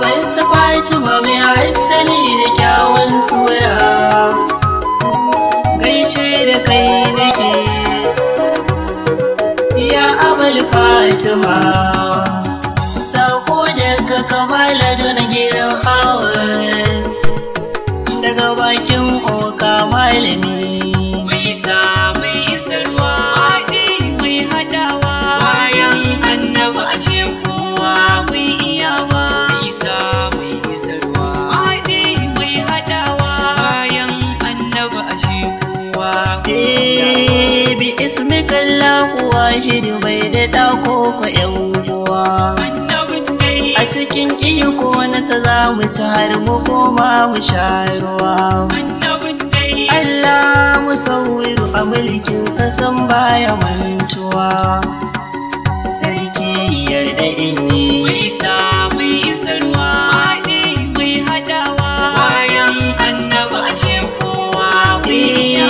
baban su fatima mai hassani da kyawun sura gaishe da kai nake ya abul fatima cikin iko nasa za mu ci har mu koma mu sha ruwa Allah musawwiru a mulkin sassan baya mantuwa sarki yarda inni mai sa mai isarwa mai hadawa bayan annabi a ce kowa yi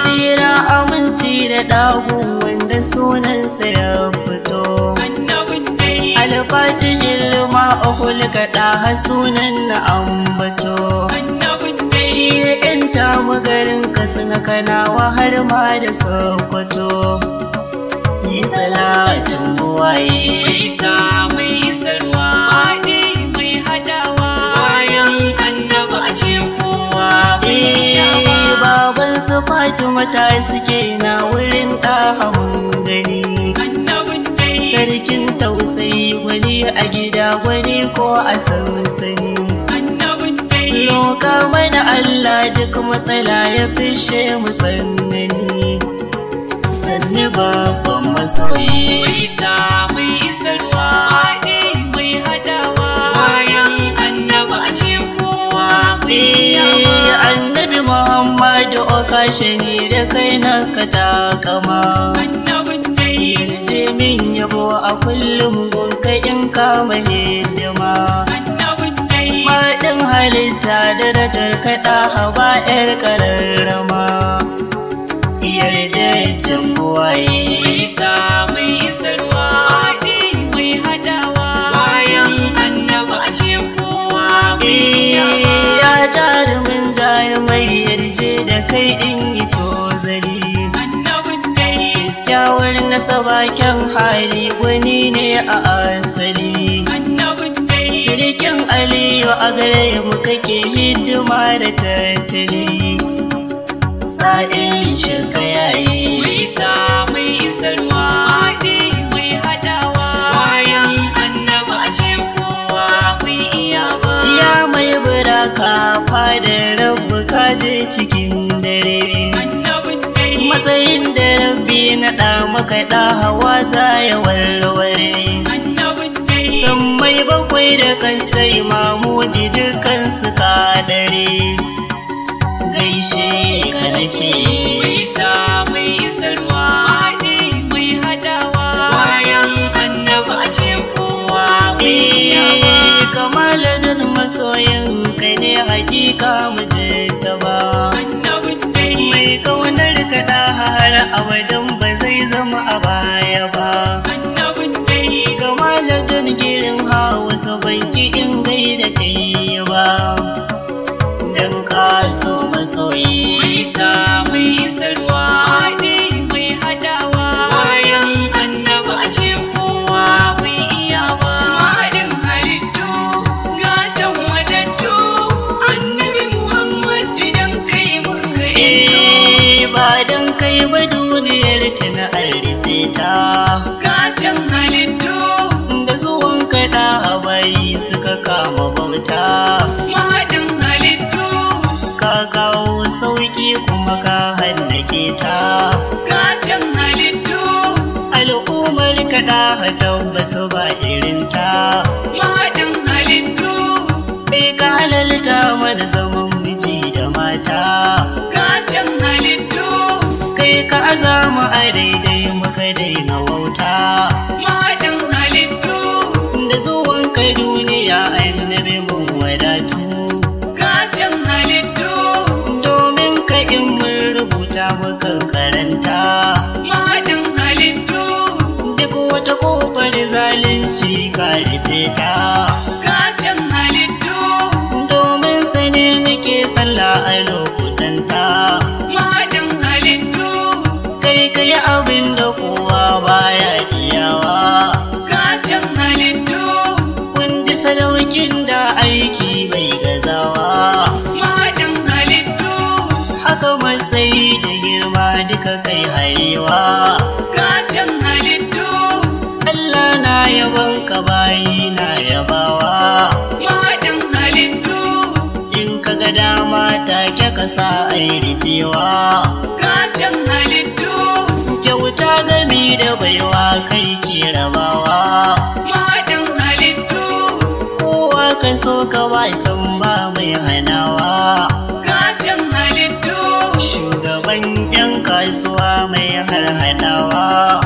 tsira aminci da dagun wanda sunansa ya a da har sunan na ambato shi ya yanta magarin kasna kanawa har ma da sokoto yi salatin buwaye eh, fatima ta suke na wurin ɗahamun gani cikin tausayi wani a gida wani ko a sansani loka mana Allah duk matsala ya fishe mu tsanani sanni babban masoyi mai isa mai hadawa eh, annabi Muhammadu o kashe ni da kai na ka takama abin yabo a kullum gunka in ka hidima faɗin halitta darajar kaɗa haba 'yar ƙararrama sa bakin hali wani ne a asali sirikin aliyu a gare mu kake hidima da tattali sa'in shi Kaɗa hawa za ya walware mai bakwai da kansai mamudi dukansu kadare gaishe ka nake ba don kai ba duniyar na arzice ta katin halittu da zuwan kaɗa a bayi suka kama bauta mahaɗin halittu ka kawo sauki kuma ka hannake ta katin halittu al'ummar kaɗa basu ba irin ta mahaɗin halittu bai ka halalta mana zaman mu adaidai muka daina wauta mahaɗin halittu da zuwan ka duniya annabi mun wadatu gatan halittu domin ka in mun rubuta muka karanta mahaɗin halittu duk wata kofar zalunci ka rufe ta kasa ai rufewa katin halittu kyauta gami da baiwa kai ke rabawa mahaɗin halittu kowa ka so ka ba san ba mai hanawa katin halittu shugaban yan kasuwa mai harhanawa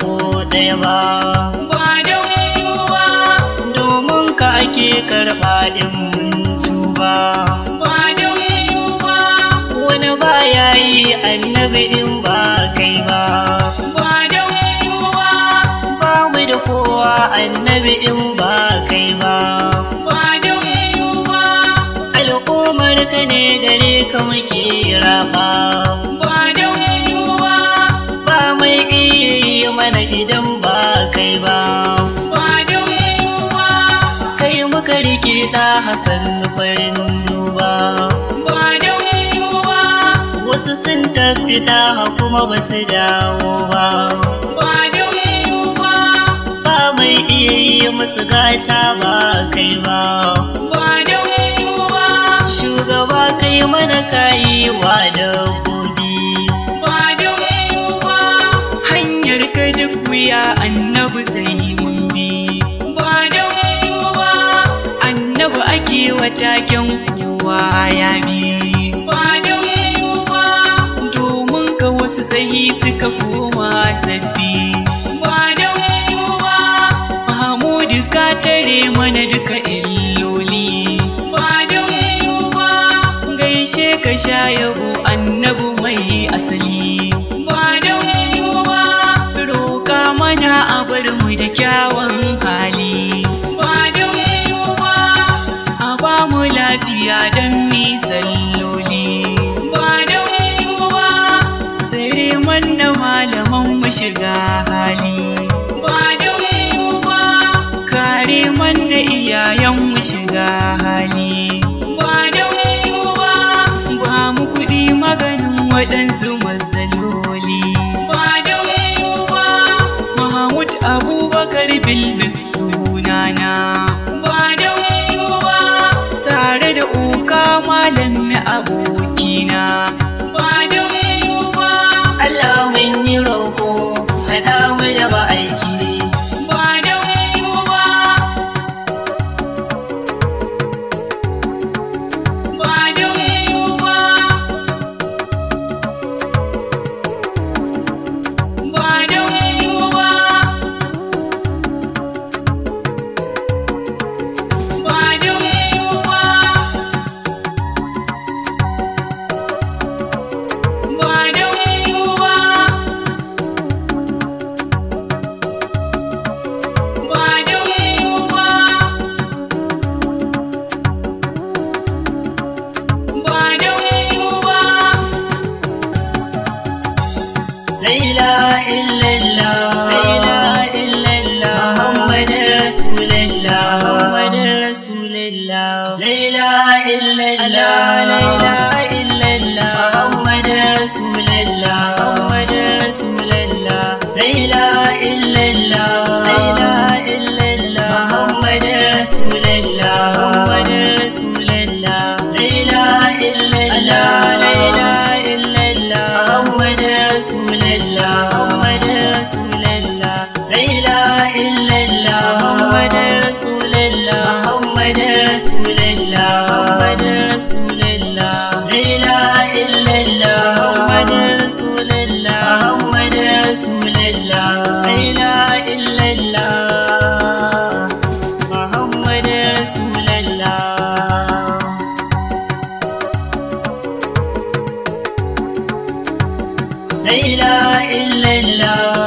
ko ɗaya ba ba don ba domin ka ake karɓa ɗin tuba ba don ba wani ba ya yi annabi din ba hasan farin duba ba don wasu sun tafi da kuma ba su dawo ba ba don ba mai iya yi musu gata ba kai ba ba don shugaba kai mana kayi wa da bakin kowa ya bi bayan domin ga wasu sai suka koma sabbi bayan uwa mahmudu ka tare mana duka illoli bayan uwa gaishe ka sha yau Na malaman mu shiga hali ba da mu ba kare manna iyayen mu shiga hali ba da mu ba ba mu kuɗi maganin waɗansu matsaloli ba da mu ba mahmud abubakar bilbis sunana ba da mu ba tare da uka malam na abokina لا إله إلا الله